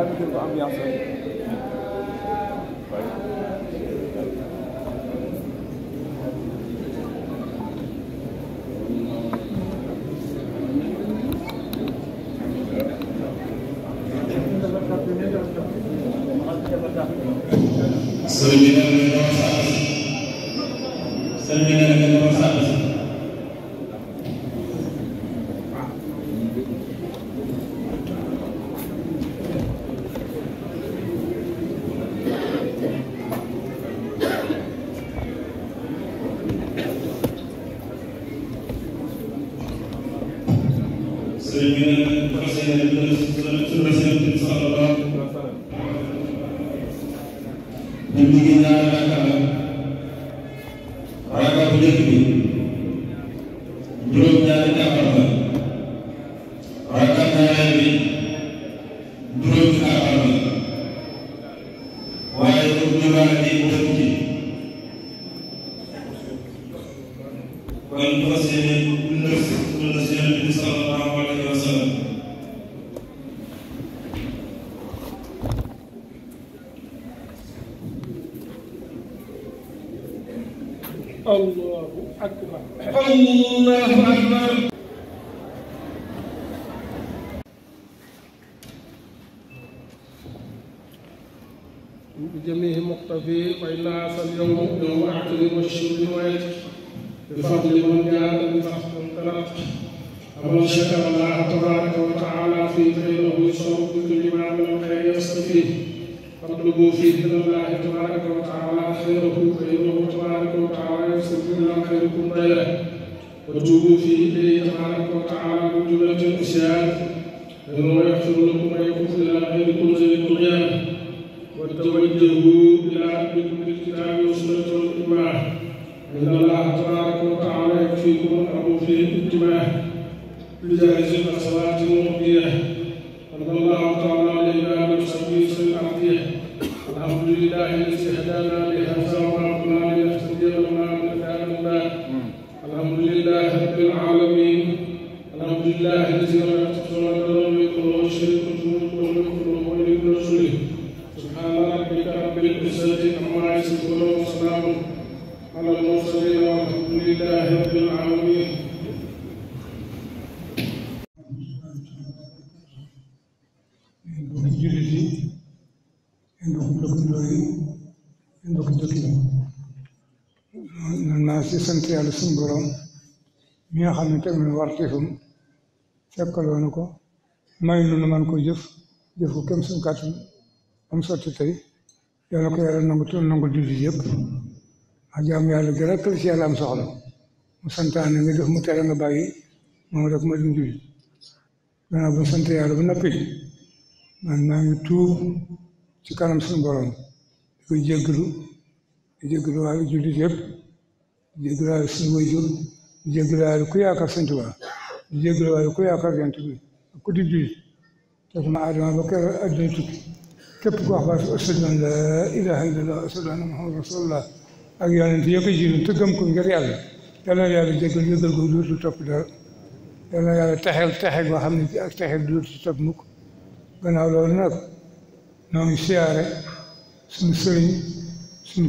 bàyyi ma jël ko ambiance ñu liggéey ñaari rakka la العقل والشمل والعلم بفضل من جاء بالفحص والطلب ومن شكر الله تبارك وتعالى في خيره يصاب بكل ما من الخير يستفيه فاطلبوا فيه من الله تبارك وتعالى خيره خيره تبارك وتعالى يستفيد لنا خيركم غيره وتوبوا فيه اليه تبارك وتعالى من جمله الاسيان فانه يغفر لكم ويغفر لنا غيركم زي الطغيان وتوجهوا إلى من الكتاب والسنة والإجماع إن الله تبارك وتعالى يكفيكم الأمر فيه الاتباع بجائز الصلاة المؤتية رضي الله تعالى عن الإمام الخبيث الأرضية الحمد لله الذي هدانا لهذا وربنا لنهتدي وما من الله الحمد لله رب العالمين الحمد لله الذي لم يتخذ ولدا من كل شيء كنت من كل من كل من رسوله سبحان ربك رب العزة عما يصفون وسلام على المرسلين والحمد لله رب العالمين naa si sant yàlla suñu borom mi nga xam ne teg na warteefam fekkaloon ko may nu man ko jëf jëf ko kem suñu kàttan am sotti tey yàlla ko yàlla nangu tu nangu julli yëpp ak jaam yàlla gi rek la ci yàlla am soxla def mu tere nga bàyyi moom rek ma dum ba sant yàlla ba noppi man maa ngi ci kanam suñu borom di ko jéggalu di jéggalu waaye jullit yëpp di jéggalu waaye suñu wayjur di jéggalu waa di jéggalu waaye ku yaakaar bi ku di jullit te sama aadama ba kër adduna tukki képp ku wax baatu ashhadu an laa ilaaha illallaah ashhadu anna muhammadan rasuulullaah ak yonent yi ko jiitu te gëm ko ngir yàlla yàlla yàlla jégal yëgal ko dootul topp dara yàlla yàlla texeel texe boo xam ne ci ak texeel dootul topp mukk gannaaw loolu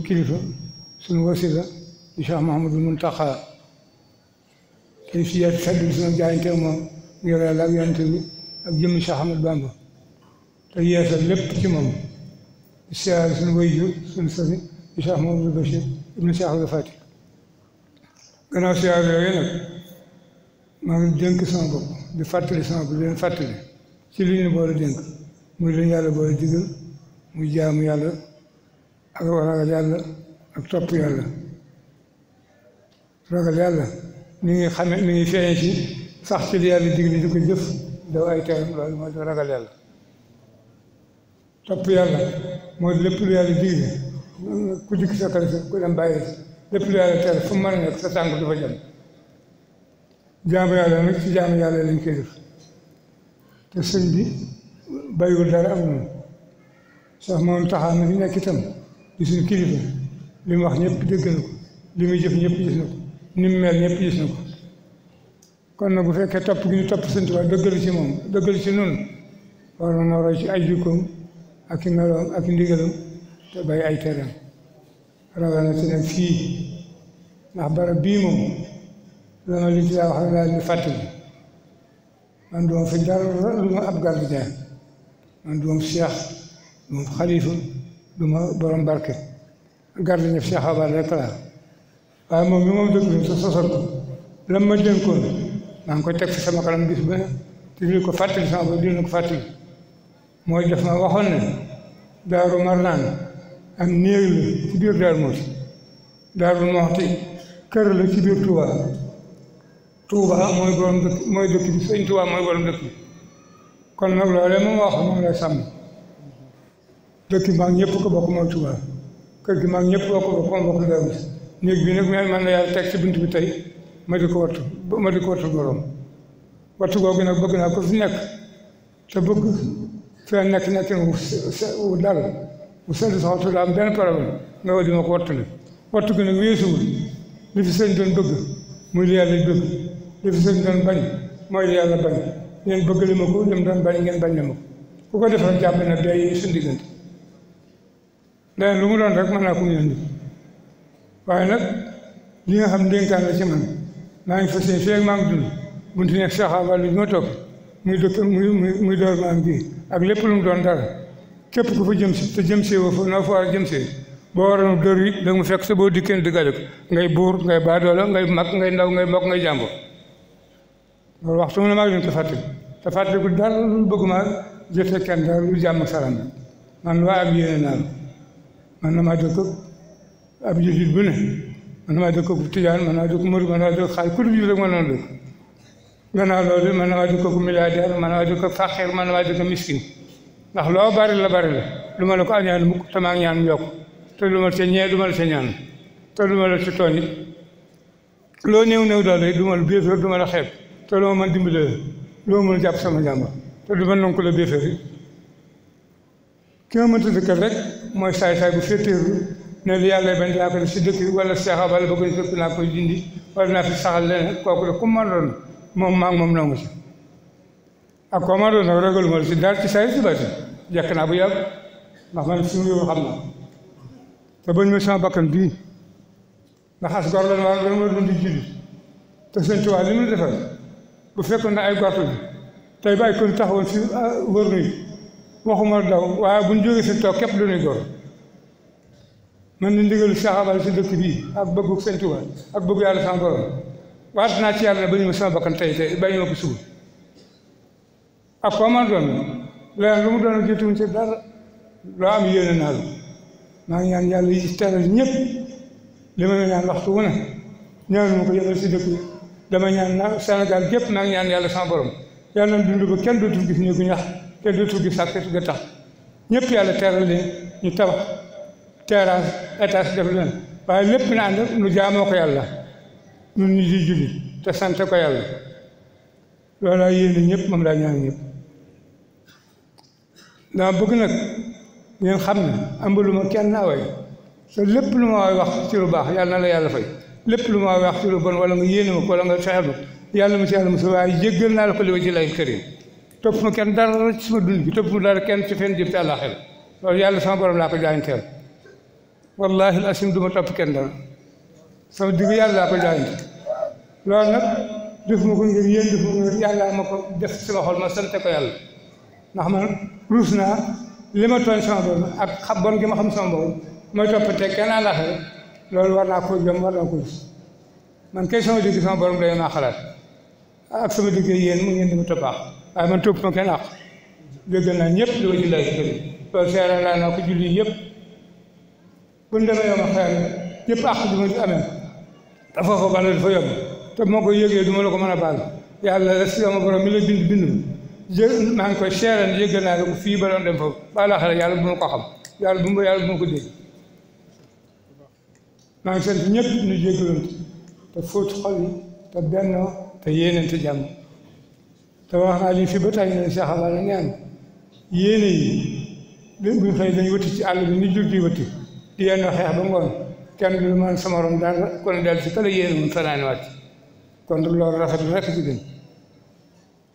kilifa suñu wasila di Cheikh Mouhamadul Muntaxa tey si yaay fedd suñu jaayante moom ngir yàlla ak yonent bi ak te yeesal lépp ci moom di siyaare suñu wayjur suñu sëriñ di Cheikh Mamadou Bachir ibnu Cheikh Abdou Fati gannaaw siyaare yooyu nag maa ngi dénk sama bopp di fàttali sama bopp di leen ci li ñu boole dénk muy leen yàlla boole digal muy jaamu yàlla yàlla ak topp yàlla ragal yàlla mi ngi xame mi ngi feeñe ci sax ci li yàlla digle di ko jëf daw ay teram loolu mooy ragal yàlla topp yàlla mooy lépp lu yàlla digle ku dikk sa kër ku dem bàyyi lépp lu yàlla tere fu mu nekk sa tànk du fa jëm jaamu yàlla nag ci jaamu yàlla lañ koy def te sëñ bi bàyyiwul dara am noonu sax moom taxaw na fi nekk itam di suñu kilifa li mu wax ñëpp dégg na ko li muy jëf ñëpp gis na ko ni mu mel ñëpp gis ko kon nag bu fekkee topp gi ñu topp sint Tuubaa dëggal ci moom dëggal ci noonu war na roy ay jikkoom ak i ak i ndigalam te bàyyi ay tereem rawana si nag fii ndax barab bii moom la ma li ci daa wax daal di fàttali man doom fi dara lu ma ab gardien man doom cheikh du ma xalifa du ma borom barke gardien cheikh abal rek laa waaye moom mi moom dëgg sa sosal ko lam ma dénkoon maa ngi koy teg fi sama kanam gis ba te dina ko fàttali sama ba dina ko fàttali mooy def ma waxoon ne daaru marnaan am néeg la ci biir daaru muxti daaru muxti kër la ci biir Touba mooy borom dëkk mooy dëkk bi sëñ mooy borom dëkk bi kon nag loole moom wax moom la dëkk bi ñëpp ko bokk mooy Touba kër gi maag ñëpp bokk bokk moom bokk daaru muxti néeg bi nag man la yàlla teg ci bunt bi tey ma di ko wattu ma di ko wattu bëgg naa ko fi nekk bëgg fee nekk nekkin wu dal wu seen soxla su am benn problème nga war di ma ko wattali wattu gi nag weesuwul li fi seen doon bëgg muy li yàlla bëgg li fi seen doon bañ mooy li yàlla bañ ngeen bëgg li ma li mu doon bañ ngeen bañ li ma ko ku ko defal jàpp na day suñu diggante leneen lu mu doon rek mën naa ko ñëw waaye nag li nga xam ndénkaan la ci man maa ngi fas yéene fii maa ngi dund bunti nekk saxaaba lu ñu ma muy dëkk door ma am bii lépp lu mu doon dara képp ku fa jëm si te jëm noo fa a jëm see boo waroon dër yi da mu fekk sa boo dikkee dëggale ko ngay buur ngay baadoola ngay mag ngay ndaw ngay mbokk ngay jàmbur loolu waxtu mu ne maa ngi leen ko fàttali te fàttaliku dara lu bëgguma jëfe kenn dara lu jàmm salaam la man waa ab yéene naa la maa dëkk ab jullit bu ne man na maa dëkk bu tijaan man naa dëkk murid man naa dëkk xaal ku dul jullit rek man naa dëkk gannaaw loolu mën na waa dugg ko milliardaire mën na waa dugg miskin ndax loo bari la bari la lu la ko añaan mukk te ñaan yokk te lu ma la ca ñaan te lu ma la ca tooñ loo néew néew doole yi du ma la béeféer du ma la xeeb te loo mën dimbale loo mën jàpp sama jàmba te du ma la béeféer yi ki ma mënta dëkkal rek mooy saay-saay bu féetéerlu ne li yàlla bañ daa ko def si dëkk wala seexabal bëgg fekk naa koy dindi wala naa fi saxal leneen kooku la ku mën doon moom maa moom nangu si ak koo ma doon si daal ci saa si bati jekk naa bu yàgg ndax man suñu yow xam na te bañ ma sama bakkan bii ndax as gor lan waa gën ma doon te sëñ li mu defal bu fekkoon na ay gortu bi tey bàyyi kon taxawoon si ah, wër nuy waxuma daw waaye buñ jógee si toog képp lu nuy gor man ni ndigal saxaabal si dëkk bii ak bëggu sëñ ak bëggu yàlla sama borom waat naa ci yàlla ba ñu ma sama bakkan tey tey bàyyi ma ko suba ak koo man doon leneen lu mu doon jotuñ ci dara loo am yéene naa la maa ngi ñaan yàlla yi teral ñëpp li ma ñaan waxtu wu ne ñaan ma ko yëgal si dëkk dama ñaan na Sénégal gépp maa ñaan yàlla sama borom yàlla na ba kenn dootul gis néegu ñax kenn dootul gis sàkket ga tax ñëpp yàlla teral leen ñu tabax terrasse étage def leen waaye lépp na ànd nu jaamoo yàlla ñun ñu di julli te sant ko yàlla loolu laa yéene ñëpp moom laa ñaan ñëpp dama bëgg nag ngeen xam ne ambaluma kenn naa way te lépp lu ma waay wax ci lu baax yàlla na la yàlla fay lépp lu ma waay wax ci lu bon wala nga yéene ma ko nga fexeel ma yàlla mu si yàlla mosul waaye jéggal naa la ko li ma ci lay këriñ topp ma kenn dara ci dund bi topp ma dara kenn ci fenn jëm ci xel loolu yàlla sama borom laa ko jaayanteel wallaahi al asim du kenn dara. sama digg yàlla ko jaayante loolu nag def ko ngir yéen def ma ko ngir yàlla ma ko def sama xol ma sante ko yàlla ndax man ruus naa li ma tooñ sama bopp ak xam bon gi ma xam sama bopp mooy toppatee kenn àllaxe loolu war naa koo jëm war naa ko gis man kay sama digg sama borom day maa xalaat ak sama digg yéen mu ngeen di ma toppaax waaye man topp ma kenn àq dégg naa ñëpp li ma jullaay si kër loolu seera laa naa ko julli yëpp bu ñu demee ma xëy na yëpp àq bi ma amee te foofa bala dafa yomb te moo ko yëgee du ma la ko mën a baal yàlla la si sama borom mi la bind bind maa ngi koy seeran yëg naa la fii ba doon dem foofu baala xale yàlla bu ma ko xam yàlla bu ma yàlla bu ma ko dégg maa ngi sant ñëpp ñu jéggaloon te fóot yi te bennoo te yéenante jàmm fi ba tàyyi ne Cheikh ci àll bi ni jur di wëtti di yenn xeex ba ngoon kenn du mën sama morom dara kon daal si kala kon loolu rafet rek ci gën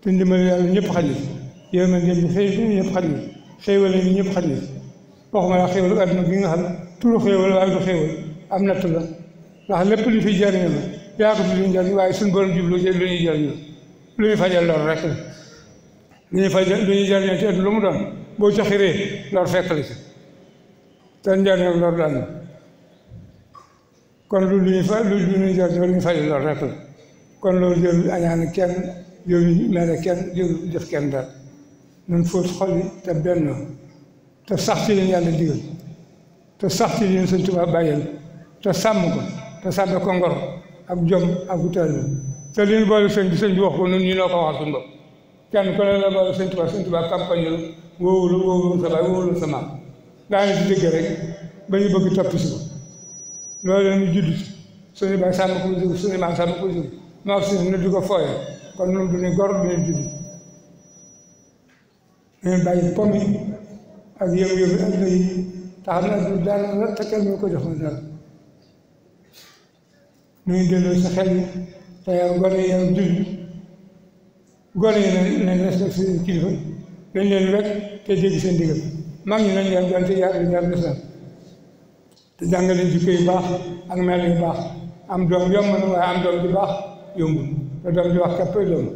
te ñëpp xaj na yow man dem bi xëy bi ñëpp nga xam turu xéewal waaye du xéewal am natt la ndax lépp li fi ko fi luñu jariñ waaye suñu borom jublu lu ñuy jariñu lu ñuy mu doon boo ca xiree loolu fekk la ci te njariñam loolu daan kon lu lu ñuy fa lu lu ñuy jot lool rek la kon loolu jël añaan kenn jël mere kenn jël def kenn dara nun fóot xol yi te benn te sax ci leen yàlla digal te sax ci leen Sëñ Tuubaa bàyyil te sàmm ko te sàmm ak jom ak utal te li ñu boole sëñ bi sëñ bi wax ko nun ñu noo ko waxal suñu bopp kenn ku ne la boole Sëñ Tuubaa Sëñ Tuubaa campagne la wóolu wóolu sa baay wóolu sa maam rek ba ñu bëgg topp si loolu la ñu judd suñu ba sàmm ko jug suñu maam sàmm ko jug noo suuf nu di ko fooye kon ñun du ñu gor du ñu judd ñu bàyyi pom yi ak yëngu-yëngu adduna yi te xam ne du dara la te kenn ñu ko joxoon dara ñu delloo sa yi te yow gone yi yow judd nañ nañ respecté seen kilifa te jàngale jikko yu baax ak mel yu baax am doom yomb na waaye am doom ju baax yombul te doom ju wax képp doom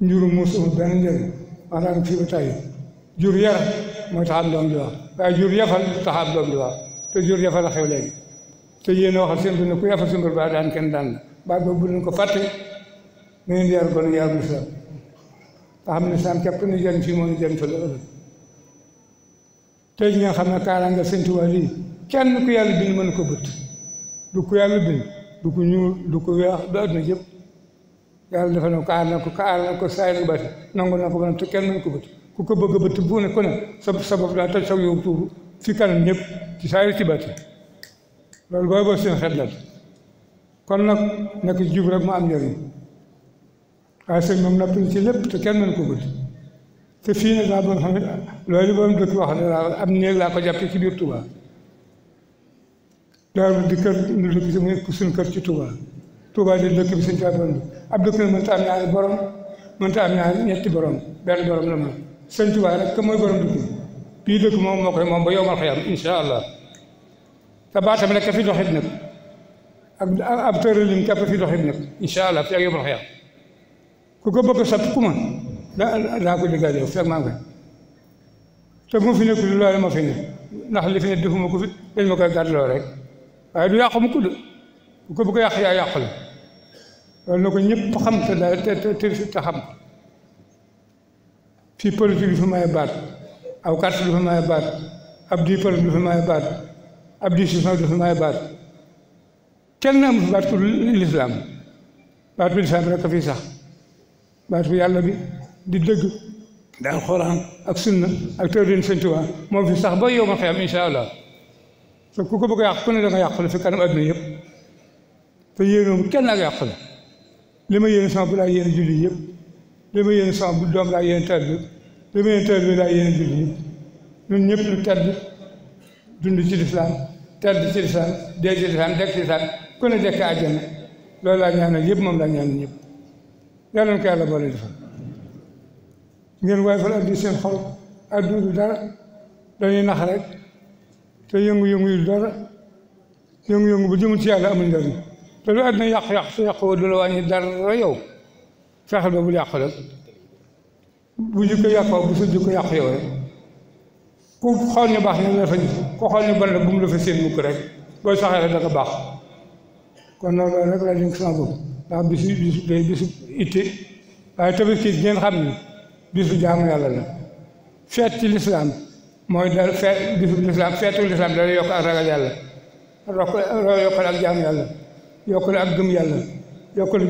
njur muusum benn njëriñ wax naa fii ba tey jur yar mooy taxaat doom ju wax waaye jur yafal taxaat doom ju wax te jur yafal a xew léegi te yéen a waxal seen ku yafal sumbal ba daan kenn daan baat boobu bu ko fàtte na ngeen yar gone yar bu islam nga nu jëriñ fii moo ñu jëriñ fa la ëllëg tey ji xam na kaaraange sëñ Tuubaa lii kenn ku yàlla bind mën ko bët du ku yàlla bind du ko ñuul du ko weex du na jëpp yàlla dafa ne ko na ko kaar na ko saay na bati nangu na ko ba te kenn mën ko bët ku ko bëgg a bët bu ne ku ne sa sa bopp daa toj sa yow fi kanam ñëpp ci saay ci bati loolu booy boo seen xel kon nag nekk jub rek mu am njëriñ waaye sëñ moom napp ci lépp te kenn mën ko bët te fii nag laa doon xam ne loolu borom wax ne laa am néeg ko jàppee ci biir Touba daaru di kër si muy suñu kër ci Touba Touba di dëkk bi suñ caa doon ab dëkk la mënta am ñaari borom mënta am ñaari ñetti borom benn borom la moom sëñ Touba rek que mooy borom dëkk bii dëkk moom ba yow ma koy am incha allah ka fi doxit nag ak ab ka fi doxit nag incha fi ak yow ma ku ko bëgg a soppi ku daa daa ko déggal yow fekk maa ngi te bu loolu ma fi ne ndax li fi ne defuma ko fi dañ ma ko bëgg a yàq yaa yàqule ko ñëpp xam te daal te te te xam fii politique du fi may baat aw carte du fi may baat ab diplôme du fi may baat ab décision du fi may baat kenn am baat ku baat bi lislaam rek a fi sax baat bi yàlla bi di dëgg di alxuraan ak sunna ak tërëdin Sëñ Tuubaa moo fi sax ba yow ma xiyam incha allah te ku ko bëgg a yàq ku ne da nga fi kanam adduna yëpp te yéenoom kenn ak yàqule li ma yéene sax bu laa yéene julli yëpp li ma yéene sama bu doom laa yéene tër bi li ma yéene tër bi laa yéene julli yëpp ñun ñëpp lu tedd dund ci lislaam tedd ci lislaam dee ci lislaam dekk ci lislaam ku ne dekk àjjana loolu laa ñaanal yëpp moom laa ñaanal ñëpp yàlla na ko boole ngeen waaye fal addi seen xol addu du dara dañuy nax rek te yëngu-yëngu yi du dara yëngu-yëngu bu jëmul ci yàlla amul njëriñ te lu àddina yàq-yàq su yàq woo yow yàq rek bu jikko bu yàq yow rek ku xool ñu baax ñu la fa gis ku xool ñu bon la bu mu la seen mukk rek booy saxee rek da baax kon loolu rek laa dénk sama bopp ndax bisu bisu bisu itte waaye tabaski ngeen xam ni bisu jaamu yàlla la feet ci lislaam mooy dal feet bisu lislaam feetu lislaam dala yokk ak ragal yàlla rok yokkal ak jaamu yàlla yokkal ak gëm yàlla yokkal ak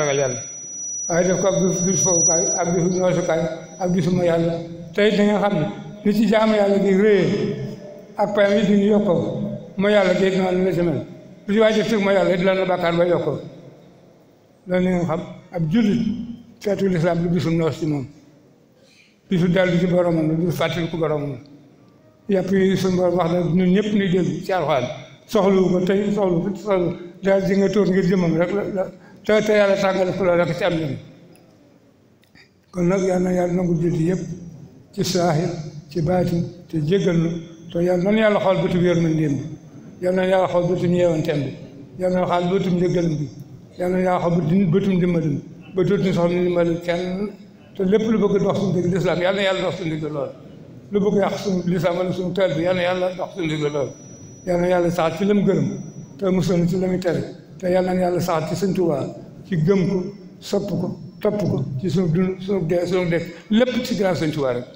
ragal yàlla waaye def ko ak bisu bisu fowukaay ak bisu noosukaay ak bisu ma yàlla tey da xam ne ci jaamu yàlla gi réyee ak payam yi di yokkoo ma yàlla gi noonu la lu ci waay def ma yàlla di lan la bàkkaar ba yokkoo loolu la ñu xam ab jullit feetu lislaam lu bisu noos ci moom bisu dellu ci boromam la bisu fàttaliku boromam la yàpp yi suñu borom wax na ñun ñëpp ni dégg ci alxuraan soxlu ko tey soxlu ko soxlu daal di nga tóor yàlla tàngale ko kon nag yal na yàlla nangu jullit yëpp ci saaxir ci baatin te jéggal nu te yàlla nan yàlla xool bëtu wéer na ndéem yal na yàlla xool bëtum ñeewanteem bi yal na xaal bëtum njëggalam bi yal na yàlla xool bëtum dimbalam ba dootuñu soxla ndimbal kenn te lépp lu bëgg dox suñu digg yàlla dox suñu lool lu bëgg yàq suñu lislaam wala suñu teel bi yal yàlla dox suñu digg lool yal na yàlla saxat ci la mu gërëm te musal ci la mu te yal na yàlla saxat ci Sëñ Tuubaa ci gëm ko sopp ko topp ko ci suñu dund suñu dee suñu lépp ci grâce Sëñ Tuubaa rek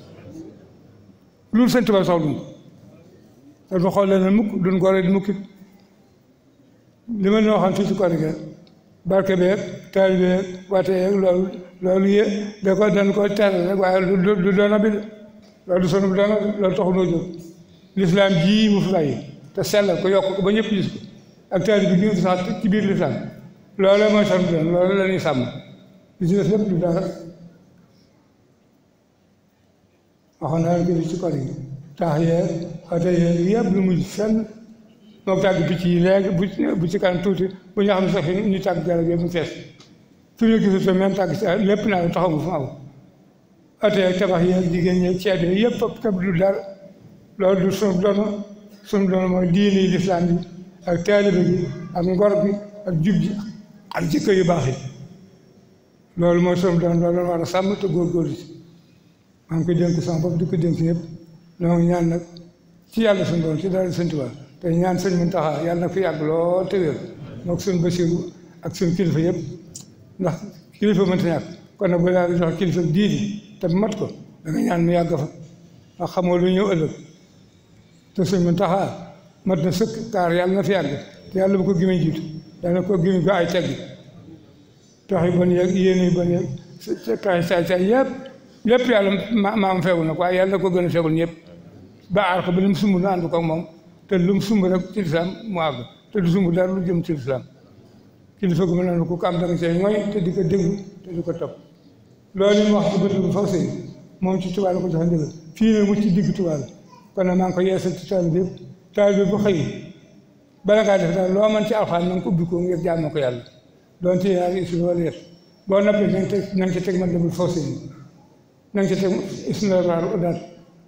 loolu Sëñ te du xool leen mukk duñ gore di mukk li ma leen waxoon fii ci koor gi barke beeg taal beeg wate yeeg loolu loolu bi loolu du loolu taxu noo jóg lislaam jii mu fi te sell ko yokk ko ba ñëpp gis ko ak taal bi ñu sax ci biir lislaam loolu mooy sunu doon loolu la ñuy sàmm li ci lépp du dara waxoon naa leen ko ci koor gi taax yeeg oto yeeg yëpp lu mujj fenn moo tàgg picc yi léegi bu bu ci kanam tuuti bu ñu xam ne sax ñu tàgg garab yëpp mu fees fi ñu gisu to même tàgg si lépp naa taxaw mu fa am oto yeeg tabax yeeg jigéen ñeeg ceeb yeeg yëpp tëb du dara loolu du suñu dono suñu dono mooy diine yi lislaam ak taalibe bi ak ngor bi ak jub ji ak jikko yu baax yi loolu mooy suñu dono loolu war a sàmm te góorgóorlu si maa ngi koy dénk sama ko dénk yëpp ñoo ngi ñaan nag ci yàlla suñu ci dara sëñ Tuubaa te ñaan sëñ Muntaxa yàlla nag fi yàgg lool te wér moog Basiru ak suñu kilifa yëpp ndax kilifa mënta ñàkk kon nag bu ñaan mu yàgg fa ndax xamoo lu ñëw ëllëg te sëñ Muntaxa mat na sëkk kaar yàlla na fi yàgg te yàlla bu ko gëmee jiitu yàlla na ko gëmee ko ay teggi tax yu lépp yàlla maam feewul nag waaye yàlla ko gën a feewul ñëpp ba aar ko ba lu mu sumb nu ànd ko moom te lu mu sumb rek ci lislaam mu àgg te du sumb dara lu jëm ci lislaam ci li fëgg mën na ku kaam da nga see ñooy te di ko déglu te di ko topp loolu mu wax ci bët bu faw ci tubaab la ko joxe mu ci digg tubaab la kon nag maa ngi ko yeesal ci taal bi yëpp taal bi bu xëy bala ngaa def daal loo mën ci alxaan na nga ko ubbi ko ngir jaamoo ko yàlla doon ci yaari isu wala yëpp boo noppee nañ ci teg man demul faw sëy na nga ci teg istinaaru daal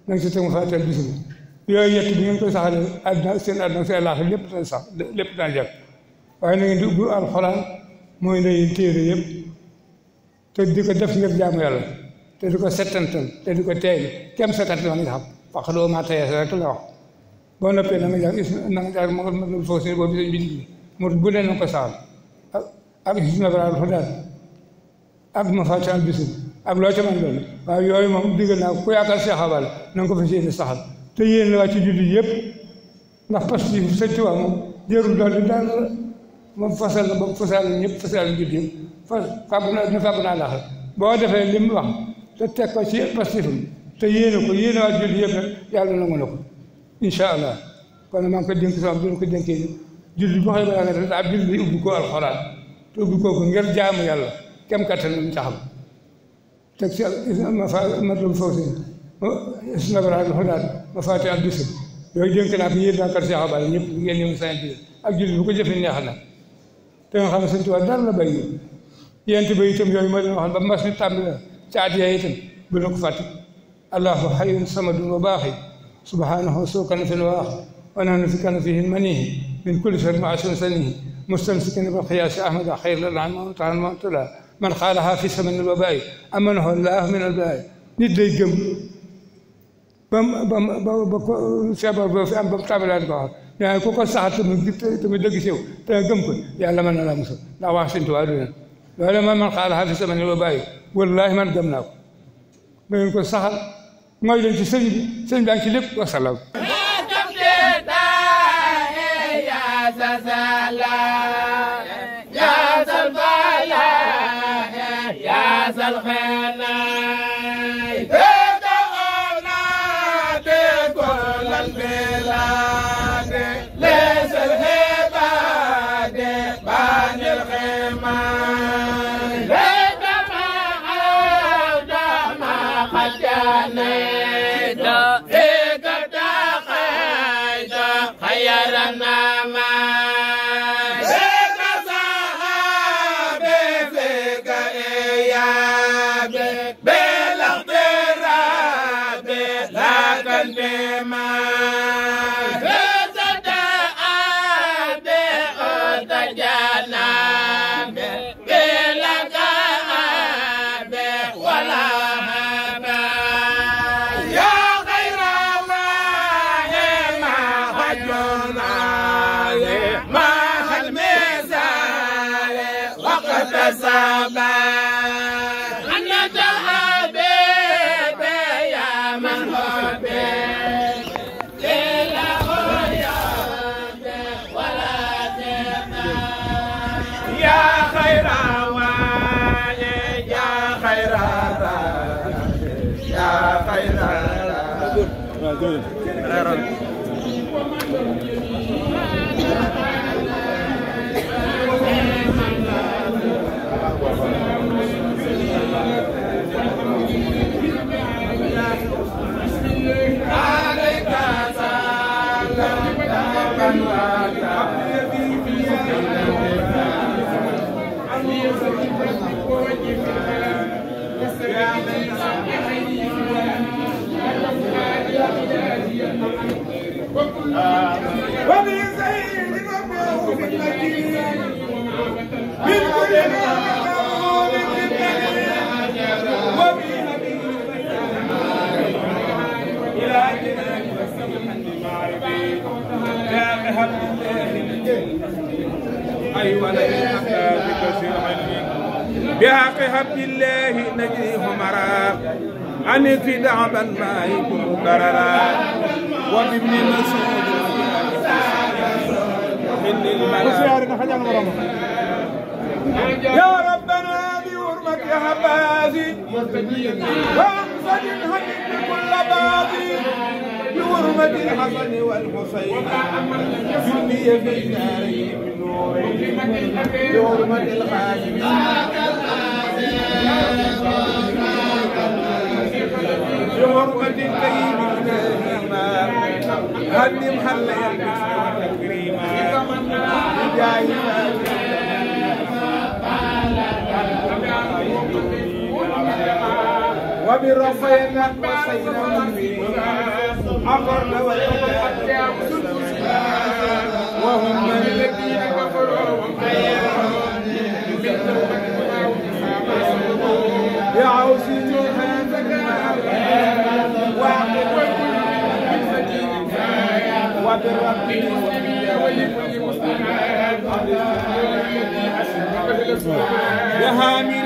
na nga ci mu fàtteel bisim yooyu ñett bi ngeen koy saxalee àdduna seen àdduna seen laax lépp dana sax lépp dana jàpp waaye na ngeen di ubbi alxuraan mooy ndeyu téere yëpp te di ko def ngir jaamu yàlla te di ko settantal te di ko teel kem sa kàttan nga boo noppee na nga jàng is na nga jàng ma ma foo si boobu mu bu leen na ko saxal ak ak istinaaru daal ak ak loo ca mën doon waaye yooyu moom digg naa ku yaakaar Seex Awa Balla na nga saxal te yéen la waa ci jullit yëpp ndax parce que Sëñ Tuubaa moom jërul di daal moom fasal na boobu fasal na ñëpp fasal na jullit yëpp fas fàgg naa dina fàgg naa laxal boo defee li mu te teg ko ci pastifam te yéene ko yéene waa jullit yëpp nag yàlla nangu na ko incha allah kon maa ngi ko dénk sama bi ko dénkee ni jullit boo xam ne nga def ab jullit ubbi ko alxuraan te ubbi koo ngir jaamu yàlla kem kattan lu teg ci mafa matlum fawsin snabral xudaat mafaati al bisu yooyu dénk naa ko yéen waa kër Cheikh Abal ñëpp ngeen ñëw sant ak jullit bu ko jëfee neex na te nga xam ne Sëñ Tuubaa dara la bàyyi yent ba itam yooyu ma leen waxoon ba mbas mi tàmbali na ci at yaa itam bu leen ko fàtte allahu xayun samadun wa baaxi subhanahu soo kana fi waax wa nahnu fi kana fihi manihi min kulli shar maasun sanihi mustamsikin bil xiyaasi ahmada xayr la laan ma taan ma tulaa man xaalaxaa fi sama nil wabaay amanahu laahu min albaay nit day gëm ba ba ba ko feebar ba fi am ba tàmbalee ko wax mais ku ko sax tamit dëgg si yow te gëm ko yàlla mën na laa musal ndax wax si tubaab du loolu man man xaalaxaa fi sama nil wabaay wallaahi man gëm naa ko ma ngeen ko saxal mooy leen ci sëñ bi sëñ bi ci lépp wasalaam salaam sal xeena بحبل الله نجري همرا عن انفداع من ما يكون ضررا وبابن مسعود من المنام يا ربنا بحرمة هبازي وانصد هدد كل باغي بحرمة الحسن والحسين جني في نارهم نوري بحرمة الخاتم بحرمة كريمة هدم هل يلبس تكريما بجاهنا وبرفينا وسيدنا أمرنا وهم الذين يا هامي